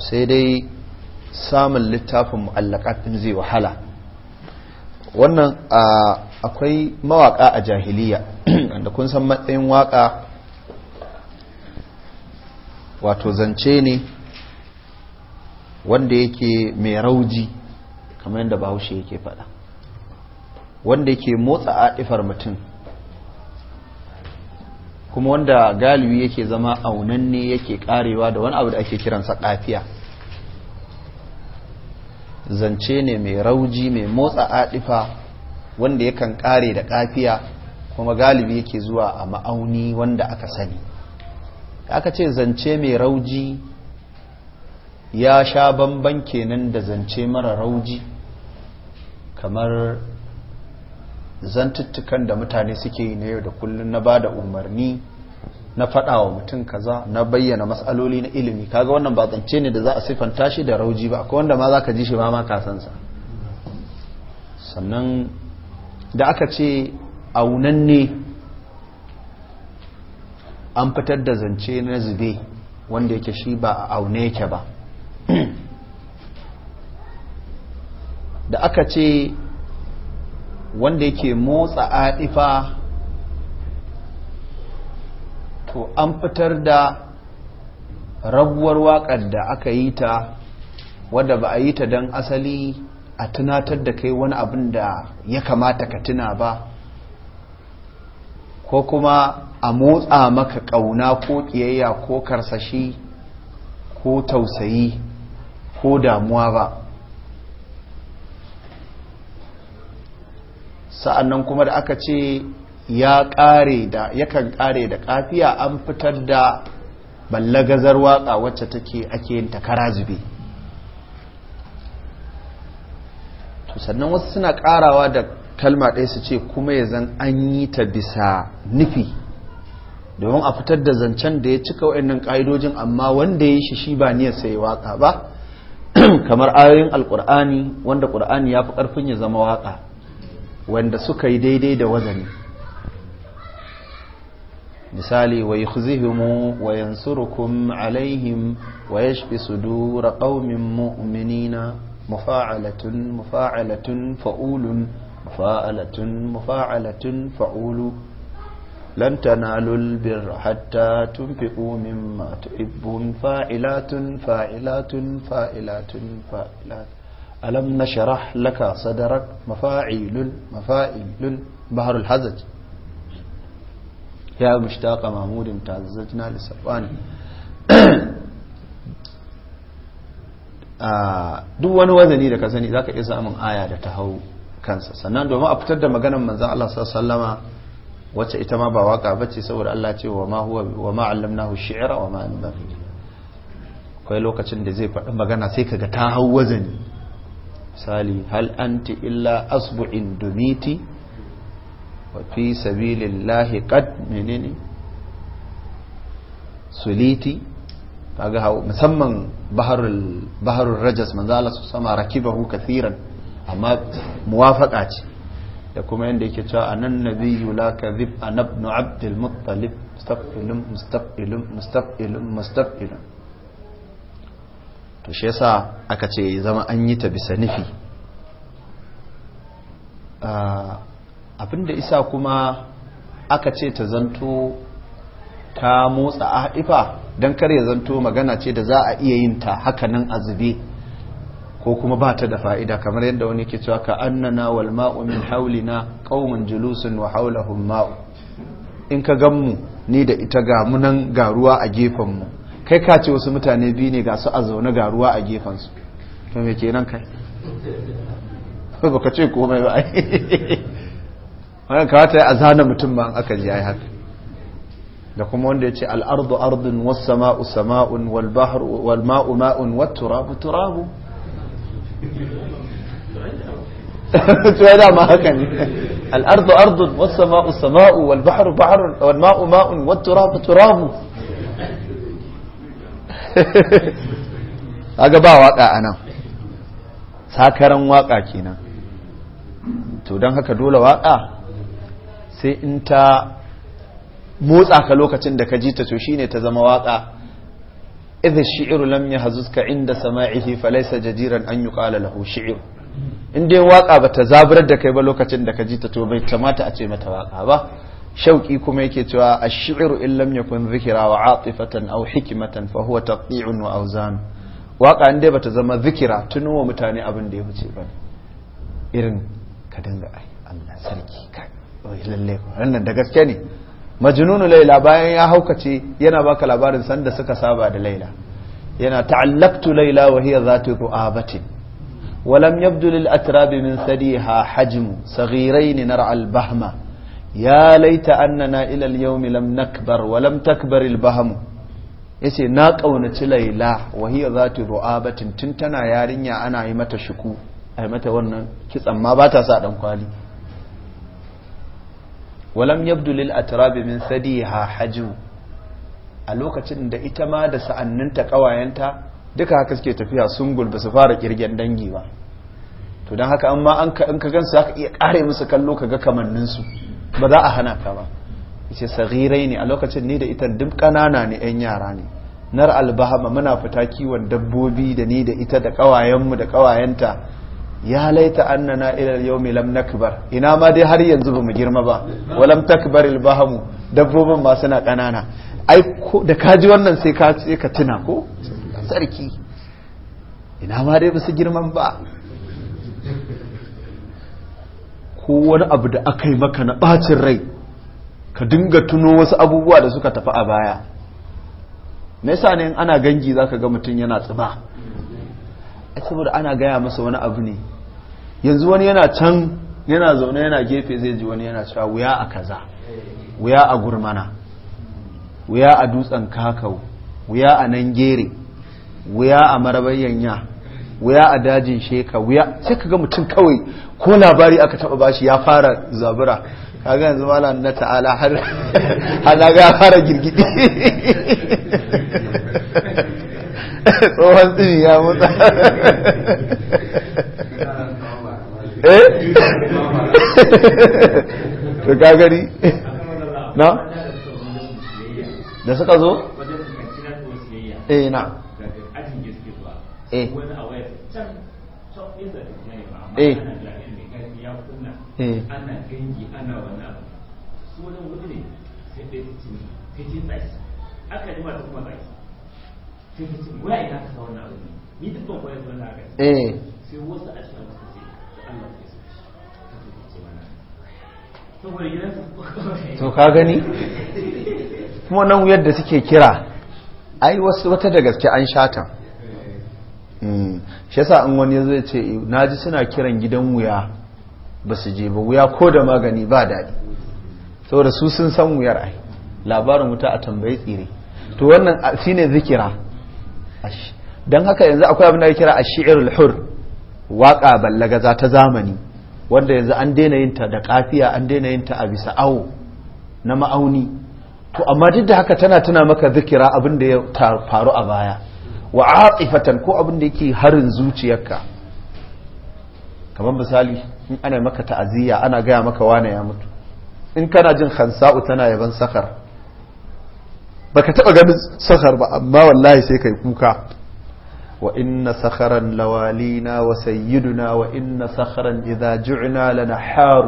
sai dai samun littafin mu'allaqat zai wahala wannan akwai mawaka a jahiliya da kun san matsayin waka wato zance ne wanda yake mai rauji kamar yadda bahaushe yake faɗa wanda yake motsa aɗifar mutum kuma wanda galibi yake zama aunanne yake karewa da wani abu da ake kiransa ɗafiya zance ne mai rauji mai motsa adifa wanda yakan kare da kafiya kuma galibi yake zuwa a ma'auni wanda aka sani aka ce zance mai rauji ya sha bamban kenan da zance mara rauji kamar zantuttukan da mutane suke yi na yau da kullum na ba da umarni na faɗa wa mutum kaza na bayyana matsaloli na ilimi kaga wannan ba zance ne da za a siffanta shi da rauji ba akwai wanda ma za ka ji shi ba ma kasansa sannan da aka ce aunanne an fitar da zance na zube wanda yake shi ba a aune yake ba da aka ce wanda yake motsa adifa wato an fitar da rabuwar waƙar da aka yi ta wadda ba a yi ta don asali a tunatar da kai wani abin da ya kamata ka tuna ba ko kuma a motsa maka ƙauna ko ƙiyayya ko karsashi ko tausayi ko damuwa ba sa'annan kuma da aka ce ya ƙare da kan kare da kafiya an fitar da ballagazar waka wacce take ake yin ta karazube to sannan wasu suna ƙarawa da kalma ɗaya su ce kuma ya zan an yi ta bisa nufi domin a fitar da zancen da ya cika wa'annan ƙa'idojin amma wanda ya shi shi ba niyar sai waka ba kamar ayoyin alkur'ani wanda ƙur'ani ya fi ƙarfin ya zama waka wanda suka yi daidai da wazani misali wa yukhzihimu wa yansurukum alaihim wa yashfi sudura qaumin mu'minina mufa'alatun mufa'alatun fa'ulun mufa'alatun mufa'alatun fa'ulu lan tanalul birra hatta tunfiqu mimma tuhibbun fa'ilatun fa'ilatun fa'ilatun fa'ilatun alam nashrah laka sadrak mafa'ilul mafa'ilul bahrul hazaj ya mushtaqa mahmudin ta'azzatna li duk wani wazani da ka sani za ka iya samun aya da ta hau kansa sannan domin a fitar da maganar manzon Allah sallallahu wacce ita ma ba waka bace saboda Allah ce wa ma huwa wa ma allamnahu shi'ra akwai lokacin da zai faɗi magana sai kaga ta hau wazani misali hal anti illa asbu'in dumiti wa fi sabilillahi qad menene suliti kaga musamman baharul baharul rajas manzo su sama rakibahu kathiran amma ce da kuma yanda yake cewa anan nabiyyu la kadhib an ibn abd muttalib mustaqbilun mustaqbilun mustaqbilun mustaqbilun to shi yasa aka ce zama an yi ta bisa nufi ah, abinda isa kuma aka ce ta zanto ta motsa a haɗifa don kar ya zanto magana ce da za a iya yin ta hakanan a zube ko kuma ba ta da fa'ida kamar yadda wani ke cewa ka annana wal ma'u min haulina ƙaumin julusun wa haulahum ma'u in ka ganmu ni da ita ga mu nan a gefen kai ka ce wasu mutane biyu ne ga su a zaune garuwa a gefen su to me kenan kai ba ka ce komai ba wanda kawata ya azana mutum ba aka ji ya haka da kuma wanda ya ce al'ardu ardun wasu sama'u sama'un walma'u ma'un watturabu turabu tuwa dama haka ne al'ardu ardun wasu sama'u sama'u walbahar baharun walma'u ma'un watturabu turabu aga ba waka a nan sakaran waka kenan to don haka dole waka sai in ta motsa ka lokacin da ka ji ta to shine ta zama waka idh shi'ru lam yahzuka inda sama'ihi falaysa jadiran an yuqala lahu shi'r in dai waka bata zaburar da kai ba lokacin da ka ji ta to bai kamata a ce mata waka ba shauki kuma yake cewa ash-shi'ru in lam yakun dhikra wa 'atifatan aw hikmatan fa huwa taqti'un wa awzan waka in dai bata zama zikira tunuwa mutane abin da ya huce ba irin ka dinga lalle wannan da gaske ne majnunu laila bayan ya haukace yana baka labarin sanda suka saba da laila yana ta'allaqtu laila wa hiya zatu ru'abatin wa lam yabdu lil atrab min sadiha hajmu saghirain nar al bahma ya laita annana ila al yawm lam nakbar wa lam takbar al bahmu yace na kaunaci laila wa hiya zatu ru'abatin tun tana yarinya ana yi mata shuku a mata wannan kitsan ma ba ta sa dan kwali walam yabdu lil atrabi min sadiha haju a lokacin da ita ma da sa'anninta kawayenta duka haka suke tafiya sungul ba su fara kirgen dangi ba to don haka amma an ka gansu haka iya kare musu kallo ka ga kamanninsu ba za a hana ka ba ce sagirai ne a lokacin ni da ita duk ƙanana ne 'yan yara ne nar albahama muna fita kiwon dabbobi da ni da ita da ƙawayenmu da ƙawayenta ya laita annana ila yawmi lam nakbar ina ma dai har yanzu bamu girma ba walam takbar al bahamu dabbobin ma suna kanana ai ko da kaji wannan sai ka sai ka tuna ko sarki ina ma dai su girman ba ko wani abu da aka yi maka na bacin rai ka dinga tuno wasu abubuwa da suka tafi a baya me yasa ne ana gangi zaka ga mutum yana tsiba saboda ana gaya masa wani abu ne yanzu wani yana can yana zaune yana gefe zai ji wani yana cewa wuya a kaza wuya a gurmana wuya a dutsen kakau wuya a nan gere wuya a marabayyan wuya a dajin sheka wuya sai ka ga mutum kawai ko labari aka taba bashi ya fara zabura kaga yanzu mala na ta'ala har hana ga fara girgidi tsohon tsini ya mutu eh ka gari na da suka zo eh na eh eh eh a eh. to ka gani kuma nan wuyar da suke kira ai wasu wata da gaske an shata mm. shi yasa an wani zai ce na ji suna kiran gidan wuya ba su je ba wuya ko da magani ba daɗi saboda su sun san wuyar ai labarin wuta a tambayi tsire to wannan shine zikira don haka yanzu akwai abin da ya kira a shi'ir hur waƙa ballagaza ta zamani wanda yanzu an daina yin ta da kafiya an daina yin ta a bisa awo na ma'auni to amma duk da haka tana tuna maka zikira abin da ya faru a baya wa fatan ko abin da yake harin zuciyarka kamar misali in ana maka ta'aziyya ana gaya maka wane ya mutu in kana jin khansa'u tana yaban sakar baka taba ganin sakar ba amma wallahi sai kai kuka وإن سخرا لوالينا وسيدنا وإن سخرا إذا جعنا لنحار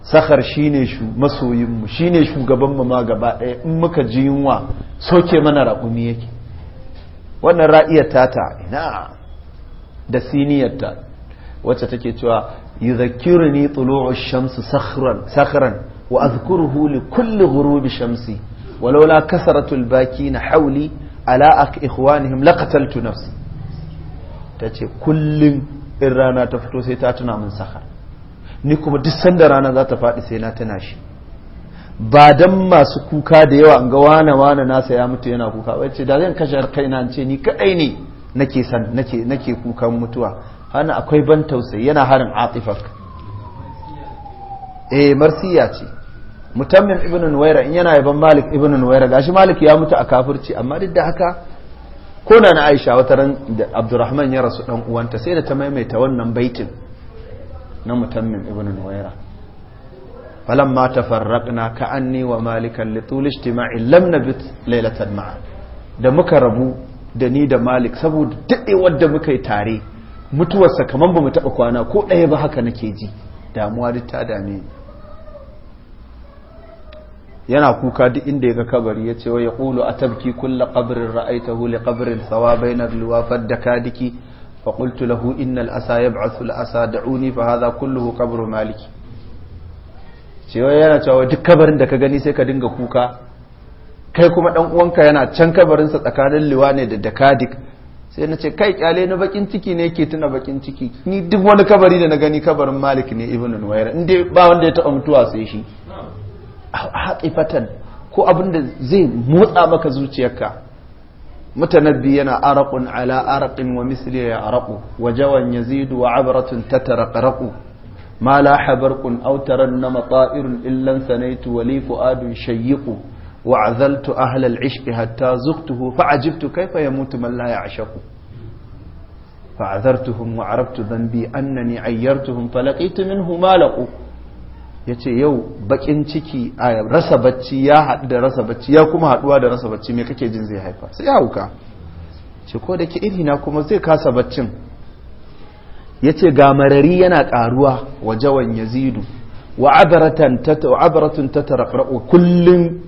sakhar shine shu masoyinmu shine shugabanmu ma gaba ɗaya in muka ji yunwa soke mana raƙumi yake wannan ra'iyar tata ina da siniyarta wacce take cewa yuzakiruni tulu'u shamsi sakhran sakhran wa azkuruhu li kulli ghurubi shamsi walaula kasaratul bakin hawli ala ikhwanihim laqataltu nafsi tace kullum in rana ta fito sai ta tuna min sahar ni kuma duk sanda rana za ta faɗi sai na tana shi ba dan masu kuka da yawa an ga wane wane nasa ya mutu yana kuka ba ce da zan kashe kaina in ce ni kadai ne nake san nake nake kukan mutuwa hana akwai ban tausayi yana harin atifak eh marsiya ce mutammim ibn nuwaira in yana yaban malik ibn nuwaira gashi malik ya mutu a kafirci amma duk da haka ko na na aisha wata ran da abdurrahman ya rasu dan uwanta sai da ta maimaita wannan baitin na mutammin ibn nuwaira falamma tafarraqna ka anni wa malikan li tul ijtima'i lam nabit laylatan ma'a da muka rabu da ni da malik saboda dade wanda muka yi tare mutuwarsa kamar ba mu taɓa kwana ko ɗaya ba haka nake ji damuwa duk ta dame ni yana kuka duk inda ya ga kabari ya ce wa ya ƙulu a tabki kulla ƙabirin ra'aitahu li ƙabirin sawa bai na luwafar da kadiki fa ƙultu lahu innal asa ya ba'athu asa uni fa haza hu ƙabirin maliki cewa yana cewa duk kabarin da ka gani sai ka dinga kuka kai kuma dan uwanka yana can kabarinsa tsakanin luwa ne da dakadik sai na ce kai kyale na bakin ciki ne ke tuna bakin ciki ni duk wani kabari da na gani kabarin malik ne ibn nuwair in dai ba wanda ya taɓa mutuwa sai shi haƙifatan ko abin da zai motsa maka zuciyarka mutanabbi yana araqun ala araqin wa misli ya araqu wa jawan yazidu wa abratun tataraqraqu ma la habarqun aw tarannama ta'irun illan sanaitu wa li adun shayyiqu wa azaltu ahla al hatta fa ajibtu kayfa yamutu man la ya'shaqu fa wa arabtu dhanbi annani ayyartuhum falaqitu minhu ma ya ce yau bakin ciki a rasa bacci ya haɗu da rasa bacci ya kuma haɗuwa da rasa bacci mai kake jin zai haifa sai ya hauka ce ko da ke irina kuma zai kasa baccin ya ce ga marari yana ƙaruwa wa jawan yazidu wa abaratun ta tarafra'u kullum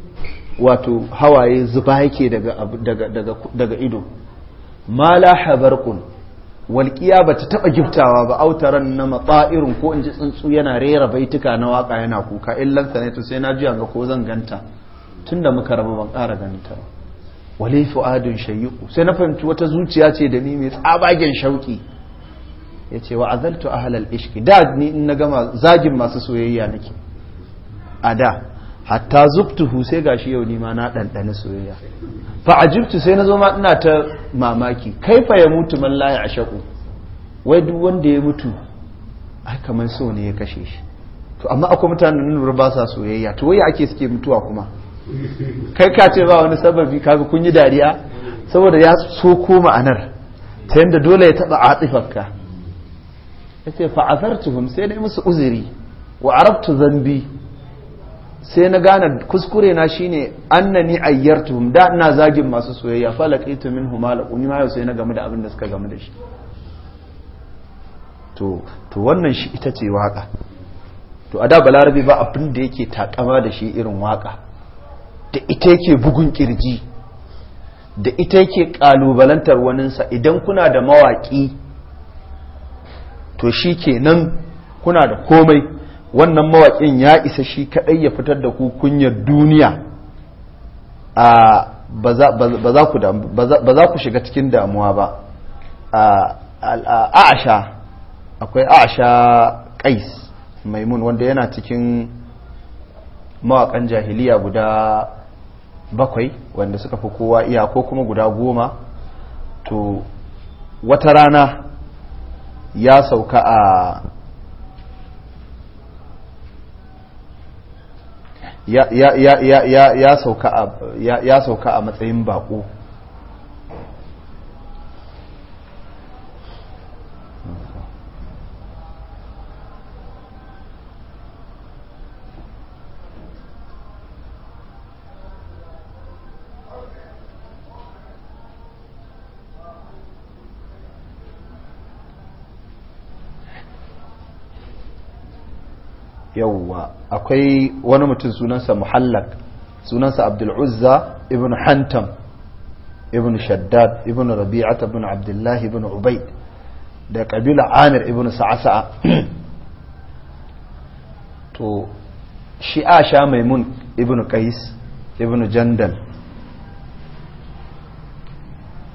wato hawaye zuba yake daga ido ma la habarkun walƙiya ba ta taɓa giftawa ba autaran na matsa'irin ko in ji tsuntsu yana rera baituka na waƙa yana kuka in lansa ne to sai na juya ga ko zan ganta tun da muka raba ban ƙara ganta ba wale fu'adun shayyuku sai na fahimci wata zuciya ce da ni mai tsabagen shauƙi ya ce wa azaltu halal ishki da ni in na gama zagin masu soyayya nake a da hatta zubtuhu sai gashi yau nima na ɗanɗana soyayya fa ajibtu sai na zo ma ina ta mamaki kai fa ya mutu man la ya shaƙo. wai duk wanda ya mutu ai kamar so ne ya kashe shi to amma akwai mutanen nan ba sa soyayya to wai ake suke mutuwa kuma kai ka ce ba wani sababi kaga kun yi dariya saboda ya so ko ma'anar ta yadda dole ya taba atifarka yace fa azartuhum sai dai musu uzuri wa arabtu zambi sai na gane kuskure na shine annani ayyartuhum da ina zagin masu soyayya falaqitu minhum malaqun ma sai na gamu da abin da suka gamu da shi to wannan shi ita ce waka to a da larabe ba abin da yake takama da shi irin waka da ita yake bugun kirji da ita yake kalubalantar waninsa idan kuna da mawaki to shi kenan kuna da komai wannan mawaƙin ya isa shi kaɗai ya fitar da ku kunyar duniya a ba za ku shiga cikin damuwa ba a'asha akwai a'asha ƙais maimun wanda yana cikin mawakan jahiliya guda bakwai wanda suka fi kowa iya ko kuma guda goma to wata rana ya sauka a ya sauka a matsayin bako yawwa akwai wani mutum sunansa muhallak sunansa abdul uzza ibn hantam ibn shaddad ibn rabi'at ibn abdullahi ibn ubaid da kabila amir ibn sa'asa'a to shi a sha maimun ibn kais ibn jandal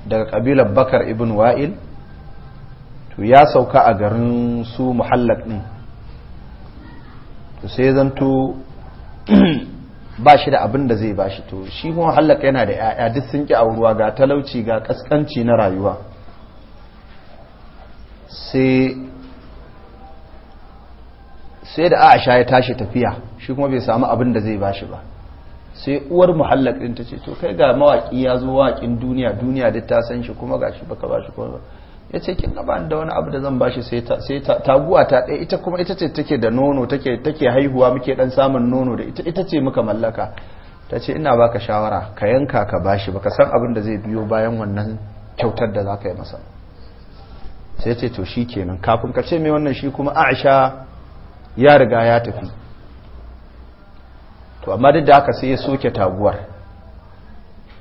daga kabilar bakar ibn wa'il to ya sauka a garin su muhallak din to sai zanto ba shi da abin da zai ba shi to shi kuma halaka yana da ya'ya duk sun ki auruwa ga talauci ga kaskanci na rayuwa sai sai da aisha ya tashi tafiya shi kuma bai samu abin da zai ba shi ba sai uwar muhallak ta ce to kai ga mawaki ya zo waƙin duniya duniya duk ta san shi kuma gashi baka ba shi kuma ya ce kin gaba da wani abu da zan bashi sai taguwa ta ɗaya ita kuma ita ce take da nono take haihuwa muke dan samun nono da ita ita ce muka mallaka ta ce ina baka shawara ka yanka ka bashi baka san abin da zai biyo bayan wannan kyautar da za yi masa sai ce to shi kafin ka ce mai wannan shi kuma aisha ya riga ya tafi to amma duk da haka sai ya soke taguwar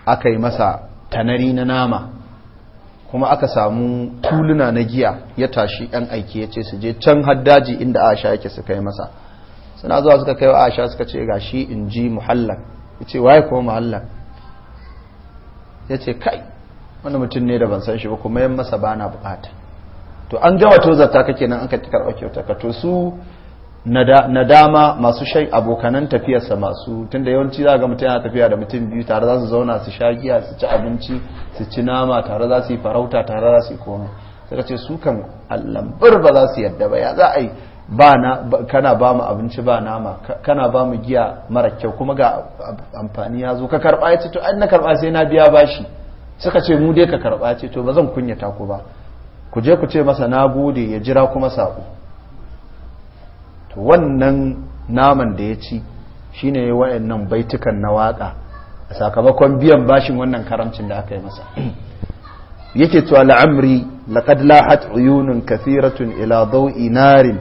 aka yi masa tanari na nama kuma aka samu tuluna na giya ya tashi yan aiki ya ce su je can haddaji inda aisha yake su kai masa suna zuwa suka kai wa aisha suka ce ga shi in ji muhallan ya ce waye kuma muhallan ya ce kai wani mutum ne da ban san shi ba kuma yan masa ba na bukata to an gama to zata kake nan an ka karɓa kyauta ka to su Na dama masu shai abokanan tafiyarsa masu tunda yawanci za ga mutum yana tafiya da mutum biyu tare za su zauna su sha giya su ci abinci su ci nama tare za su yi farauta tare za su yi komai suka ce su kan allambar ba za su yadda ba ya za a yi kana ba mu abinci ba nama kana ba mu giya mara kyau kuma ga amfani ya zo ka karɓa ya ce to an na karɓa sai na biya bashi suka ce mu dai ka karba ya ce to ba zan kunyata ku ba ku je ku ce masa na gode ya jira kuma saƙo to wannan naman da ya ci shine waɗannan baitukan na waƙa a sakamakon biyan bashin wannan karamcin da aka yi masa yake cewa la'amri laqad lahat uyunun kathiratun ila daw'i inarin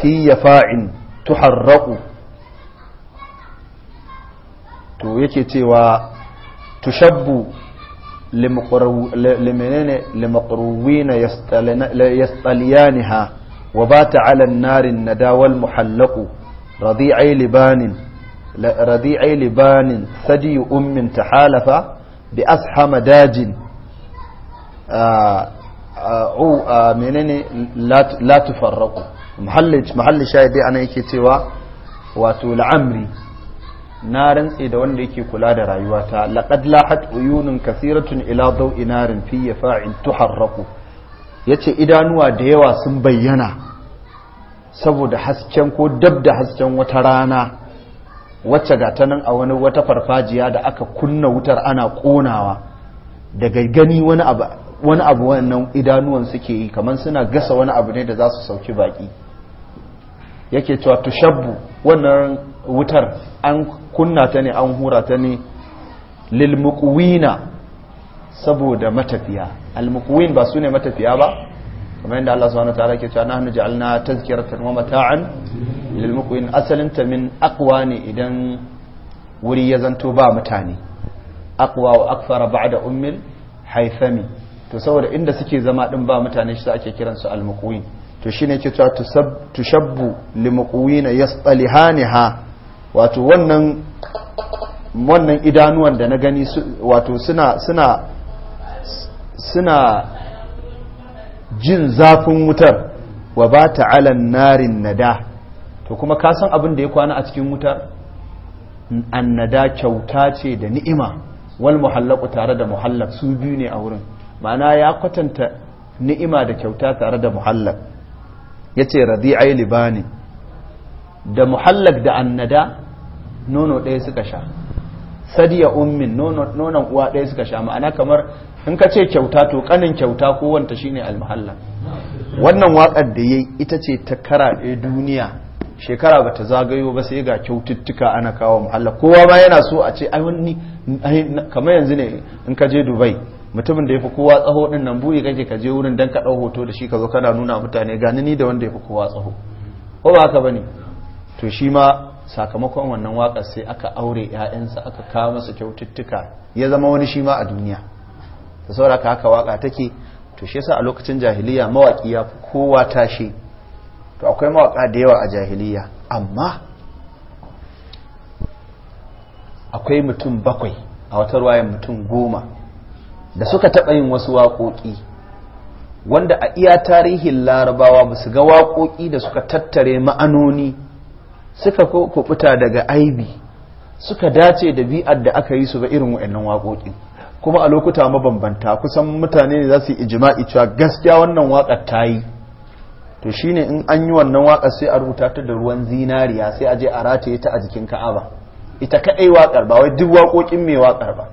fi yafa'in tuharraqu to yake cewa tushabbu limqarwina yastaliyaniha وبات على النار الندى والمحلق رضيعي لبان رضيعي لبان ثدي أم تحالف بأسحم داج menene la tufarraku mahalli shahidi ana yake cewa wato la'amri na rantse da wanda yake kula da rayuwata laqad lahat uyunun kasiratun ila daw'i narin fi fa'in tuharraku ya ce idanuwa da yawa sun bayyana saboda hasken ko dab da hasken wata rana wacce ga ta nan a wani wata farfajiya da aka kunna wutar ana konawa daga gani wani abu wannan idanuwan suke yi kamar suna gasa wani abu ne da za su sauki baki yake cewa tushabbu wannan wutar an kunna ta ne an hura ta ne lilmukwina saboda matafiya almuqwin ba sune matafiya ba kamar yadda Allah subhanahu wataala ke cewa nahnu ja'alna tazkiratan wa mata'an lil muqwin asalin asalinta min aqwa ne idan wuri ya zanto ba mutane aqwa wa akthara ba'da ummil haythami to saboda inda suke zama din ba mutane shi ake kiransu almuqwin to shine yake cewa tushabbu limuqwina ha wato wannan idanuwan da na gani wato suna suna jin zafin wutar wa ba ta alan narin nada to kuma kasan abin da ya kwana a cikin wutar annada kyauta ce da ni'ima wal muhallaku tare da muhallak su biyu ne a wurin ma'ana ya kwatanta ni'ima da kyauta tare da muhallak yace radi'ai libani da muhallak da annada nono ɗaya suka sha sadiya ummin nonon uwa ɗaya suka sha ma'ana kamar in ka ce kyauta to kanin kyauta ko wanta shine almahalla wannan waƙar da yayi ita ce ta karaɗe duniya shekara bata zagayo ba sai ga kyaututtuka ana kawo muhalla kowa ma yana so a ce ai wani kamar yanzu ne in ka je dubai mutumin da ya fi kowa tsaho din nan buɗe kake ka je wurin dan ka ɗau hoto da shi ka zo kana nuna mutane gani da wanda ya fi kowa tsaho ko ba haka ne to shi ma sakamakon wannan waƙar sai aka aure 'ya'yansa aka kawo masa kyaututtuka ya zama wani shi ma a duniya da ka haka waƙa take to shi yasa a lokacin jahiliya mawaƙi ya fi kowa tashi to akwai mawaƙa da yawa a jahiliya amma akwai mutum bakwai a wata ruwa mutum goma da suka taɓa yin wasu waƙoƙi wanda a iya tarihin larabawa ba su ga waƙoƙi da suka tattare ma'anoni suka kubuta daga aibi suka dace da bi'ar da aka yi su ba irin wa'annan waƙoƙin kuma a lokuta mabambanta kusan mutane ne za su yi ijima'i cewa gaskiya wannan waƙar ta yi to shine in an yi wannan waƙar sai a rubuta ta da ruwan zinariya sai a je a rataye ta a jikin ka'aba ita kaɗai waƙar ba wai duk waƙoƙin mai waƙar ba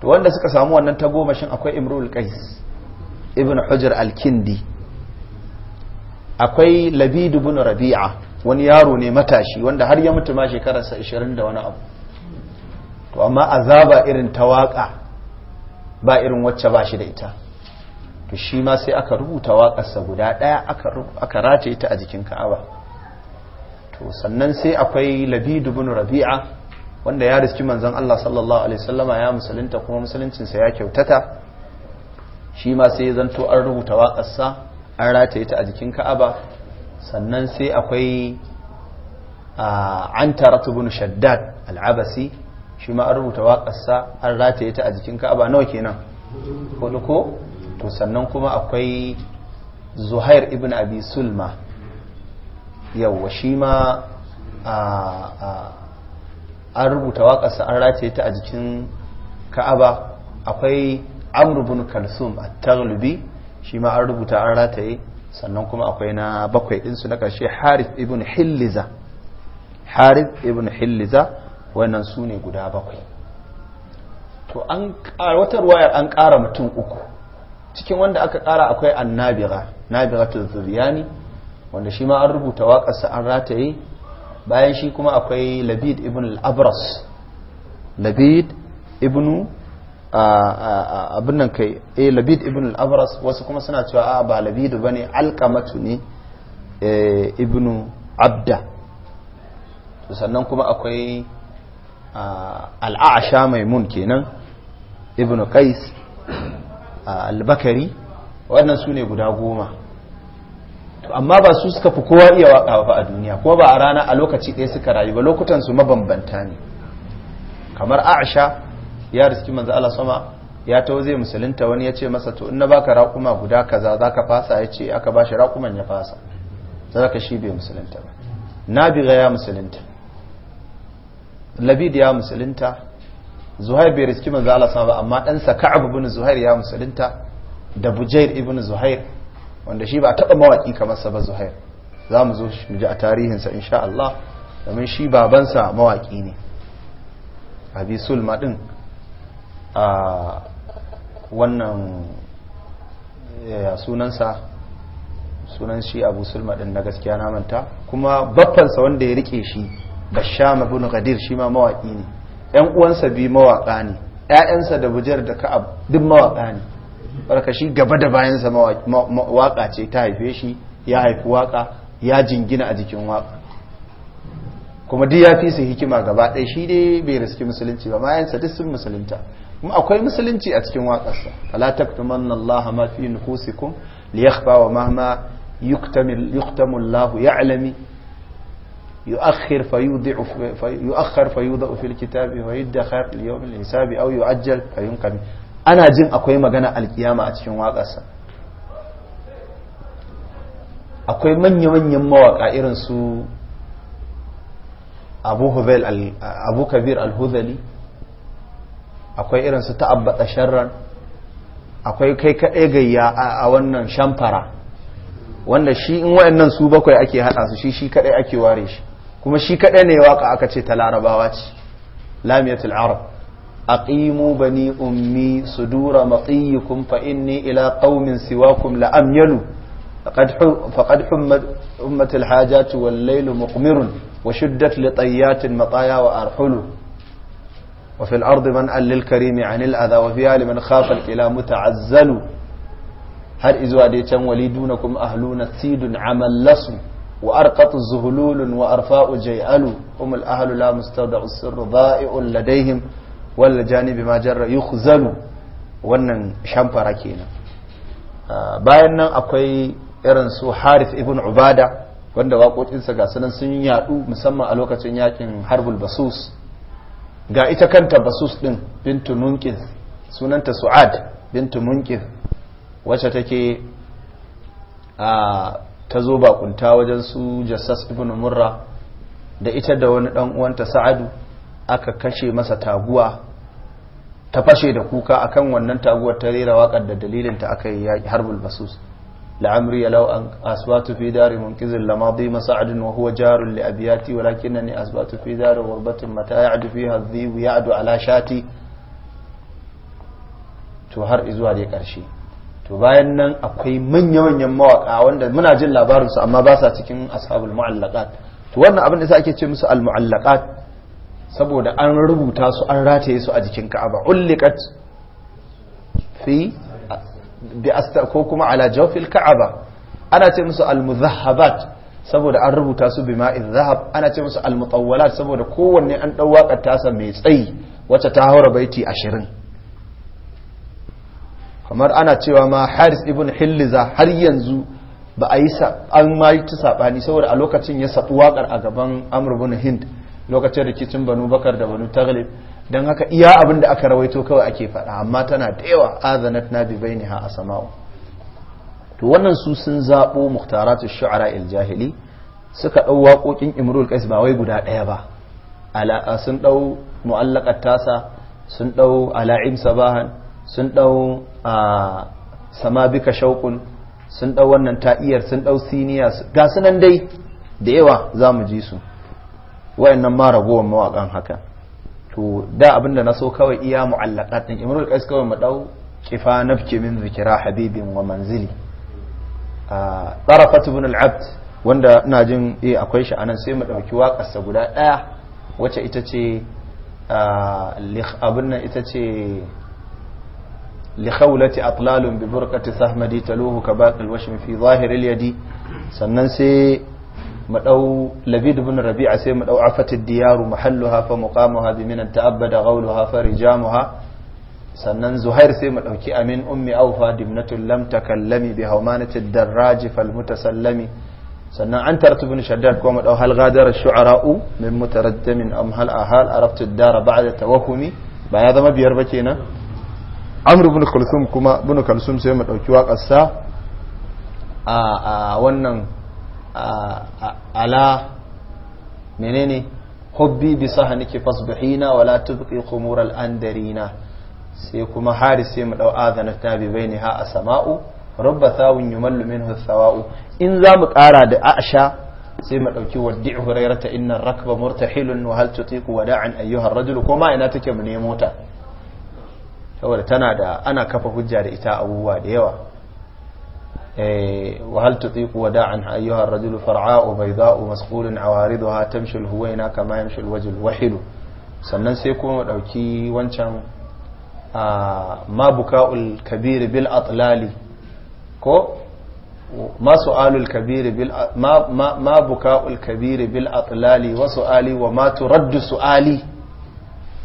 to wanda suka samu wannan ta gomashin akwai imrul qais ibn hujr al-kindi akwai labid ibn rabi'a wani yaro ne matashi wanda har ya mutu ma shekararsa 20 da wani abu to amma azaba irin ta waka ba irin wacce ba shi da ita to shi ma sai aka rubuta waƙarsa guda ɗaya aka rataye ta a jikin ka'aba to sannan sai akwai labidu bin rabi'a wanda ya riski manzon Allah sallallahu alaihi wasallama ya musulunta kuma musuluncin sa ya kyautata shi ma sai zanto an rubuta waƙarsa an rataye ta a jikin ka'aba sannan sai akwai an taratu bin shaddad al'abasi shi ma an rubuta waƙarsa an rataye ta a jikin ka'aba nawa kenan hudu ko to sannan kuma akwai zuhair ibn abi sulma wa shi ma an rubuta waƙasa an rataye ta a jikin ka'aba akwai amr bin kalsum a taglubi shi ma an rubuta an rataye sannan kuma akwai na bakwai ɗinsu na ƙarshe harith ibn hilliza harith ibn hilliza wannan su ne guda bakwai to an wata ruwayar an ƙara mutum uku cikin wanda aka ƙara akwai annabira nabiratul zuriyani wanda shi ma an rubuta waƙarsa an rataye bayan shi kuma akwai labid ibn al labid ibn abin nan kai eh labid ibn al-abras wasu kuma suna cewa a ba labidu bane alqamatu ne eh, ibn abda to sannan kuma akwai al-a'sha maimun kenan ibn qais al-bakari Wannan su ne guda goma amma ba su suka fi kowa iya waka ba a duniya kuma ba a rana a lokaci ɗaya suka rayu ba lokutan su mabambanta ne kamar a'sha ya riski manzo Allah sama ya tawo zai musulunta wani ya ce masa to in na baka raƙuma guda kaza zaka fasa ya ce aka bashi raƙuman ya fasa zaka shi bai musulunta ba nabiga ya musulunta labid ya musulunta zuhair bai riski manzo Allah sama ba amma ɗansa ka'ab ibn zuhair ya musulunta da bujair ibn zuhair wanda shi ba taɓa mawaƙi kamar sa ba zuhair za mu zo mu ji a tarihinsa insha Allah domin shi babansa mawaƙi ne abi sulma ɗin a wannan sunansa sunan shi abu sulma din na gaskiya na manta kuma baffansa wanda ya rike shi basham ibn ghadir shi ma mawaki ne yan uwansa bi mawaka ne ƴaƴansa da bujar da ka'ab duk mawaka ne barka shi gaba da bayansa waka ce ta haife shi ya haifi waka ya jingina a jikin waka kuma duk ya fi su hikima gaba ɗaya shi dai bai riski musulunci ba mayansa duk sun musulunta kuma akwai musulunci a cikin waƙarsa fala taktumanna Allah ma fi nufusikum li yakhfa wa mahma yuktamu Allah ya'lami يؤخر فيودع يؤخر فيوضع في الكتاب ويدخر اليوم الحساب او يؤجل فينقم ana jin akwai magana alkiyama a cikin waƙarsa akwai manya-manyan mawaka irin su abu kabir al-huzali akwai irin su ta'abbata sharran akwai kai kaɗai gayya a wannan shamfara wanda shi in wayannan su bakwai ake haɗa su shi shi kaɗai ake ware shi kuma shi kaɗai ne waka aka ce ta larabawa ce lamiyatul arab aqimu bani ummi sudura maqiyikum fa inni ila qaumin siwakum la amyalu faqad hummat ummatul hajatu wal laylu muqmirun wa shuddat li tayyatin mataya wa arhulu وفي الأرض من أل للكريم عن الأذى وفيها لمن خاف الكلا متعزل هل إذوا ديتا وليدونكم أهلون ثيد عمل لصم وأرقط الزهلول وأرفاء جيأل هم الأهل لا مستودع السر ضائع لديهم ولا جانب ما جر يخزل wannan shamfara kenan bayan nan akwai irin su harif ibn ubada wanda waƙoƙinsa ga sunan sun yaɗu musamman a lokacin yakin harbul basus ga ita kanta basus din bintu munkin sunanta su'ad bintu munkin wacce take a ta zo bakunta wajen su jassas ibn murra da ita da wani dan uwanta sa'adu aka kashe masa taguwa ta fashe da kuka akan wannan taguwar ta rera waƙar da dalilinta aka yi harbul basus لعمري لو أن أثبات في دار منقذ لماضي مسعد وهو جار لأبياتي ولكنني أثبات في دار غربة متى يعد فيها الذيب يعد على شاتي to har izuwa to bayan nan akwai manya-manyan mawaka wanda muna jin labarinsu amma ba sa cikin ashabul mu'allaqat to wannan abin da sa ake ce musu al-mu'allaqat saboda an rubuta su an rataye su a jikin ka'aba ulliqat fi bi'asta ko kuma ala jawfil ka'aba ana ce musu al-muzahhabat saboda an rubuta su bi ma'in zahab ana ce musu al-mutawwalat saboda kowanne an dau waƙar tasa mai tsayi wacce ta haura baiti 20 kamar ana cewa ma Haris ibn Hilliza har yanzu ba a yi an ma yi sabani saboda a lokacin ya sabu wakar a gaban Amr ibn Hind lokacin rikicin Banu Bakar da Banu Taghlib don haka iya abin da aka rawaito kawai ake faɗa amma tana da yawa azanat na bi baini ha a sama'u to wannan su sun zaɓo muhtaratu shu'ara il jahili suka ɗau waƙoƙin imrul qais ba wai guda ɗaya ba ala sun ɗau mu'allaqat tasa sun ɗau ala'im sabahan sun ɗau a sama bika shauƙun sun ɗau wannan ta'iyar sun ɗau siniya ga sunan dai da yawa za mu ji su wayannan ma ragowar mawaƙan hakan. to da abinda na so kawai iya mu'allaqat din imrul qais kawai mu dau kifa nafki min zikira habibin wa manzili a tarafat ibn al-abd wanda ina jin eh akwai shi anan sai mu dauki sa guda daya wacce ita ce abin abinna ita ce لخولة أطلال ببرقة taluhuka تلوه كباقي fi في yadi sannan sai. mu dau labid rabi'a sai mu dau afatid diyaru mahalluha fa muqamuha bi min sannan zuhair sai mu dauki amin ummi awfa bi hawmanatid darraj sannan an tartu ibn shaddad ko mu dau hal ghadara shu'ara'u ba ya zama biyar ba kenan amr ibn kuma ibn kulsum sai mu dauki waƙarsa a wannan ala menene hubbi bi sahniki fasbihina wala tubqi khumur andarina sai kuma haris sai mu ɗau azana ta bi baini ha asama'u rubba thawun yumallu minhu in za mu ƙara da asha. sai mu ɗauki waddi hurairata inna rakba murtahilun wa hal tutiqu wada'an ayyuha ar-rajul kuma ina take mu nemo ta saboda tana da ana kafa hujja da ita abubuwa da yawa وهل تطيق وداعا أيها الرجل فرعاء بيضاء مسقول عوارضها تمشي كما يمشي الوجه sannan sai kuma ɗauki wancan ma buka'ul kabiri bil atlali ko bil ma bil atlali wa su'ali wa ma turaddu su'ali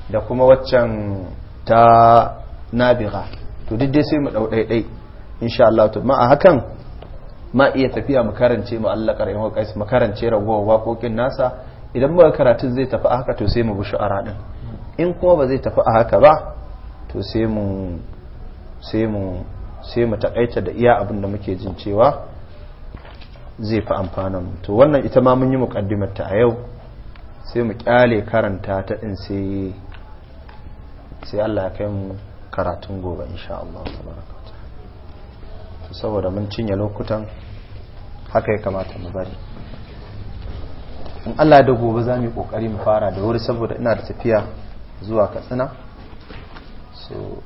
da kuma waccan ta nabiga to duk dai sai mu ɗau ɗaiɗai insha Allah to ma a hakan ma iya tafiya mu karance mu Allah mu kai mu karance ragowar wakokin nasa idan muka karatun zai tafi a haka to sai mu bi shu'ara din in kuma ba zai tafi a haka ba to sai mu sai mu sai mu takaita da iya abin da muke jin cewa zai fi mu to wannan ita ma mun yi muƙaddimar ta a yau sai mu kyale karanta ta din sai sai Allah ya kai mu karatun gobe insha Allah tabaraka saboda mun cinye lokutan haka ya kamata mu bari in Allah da gobe za mu yi kokari mu fara da wuri saboda ina da tafiya zuwa katsina so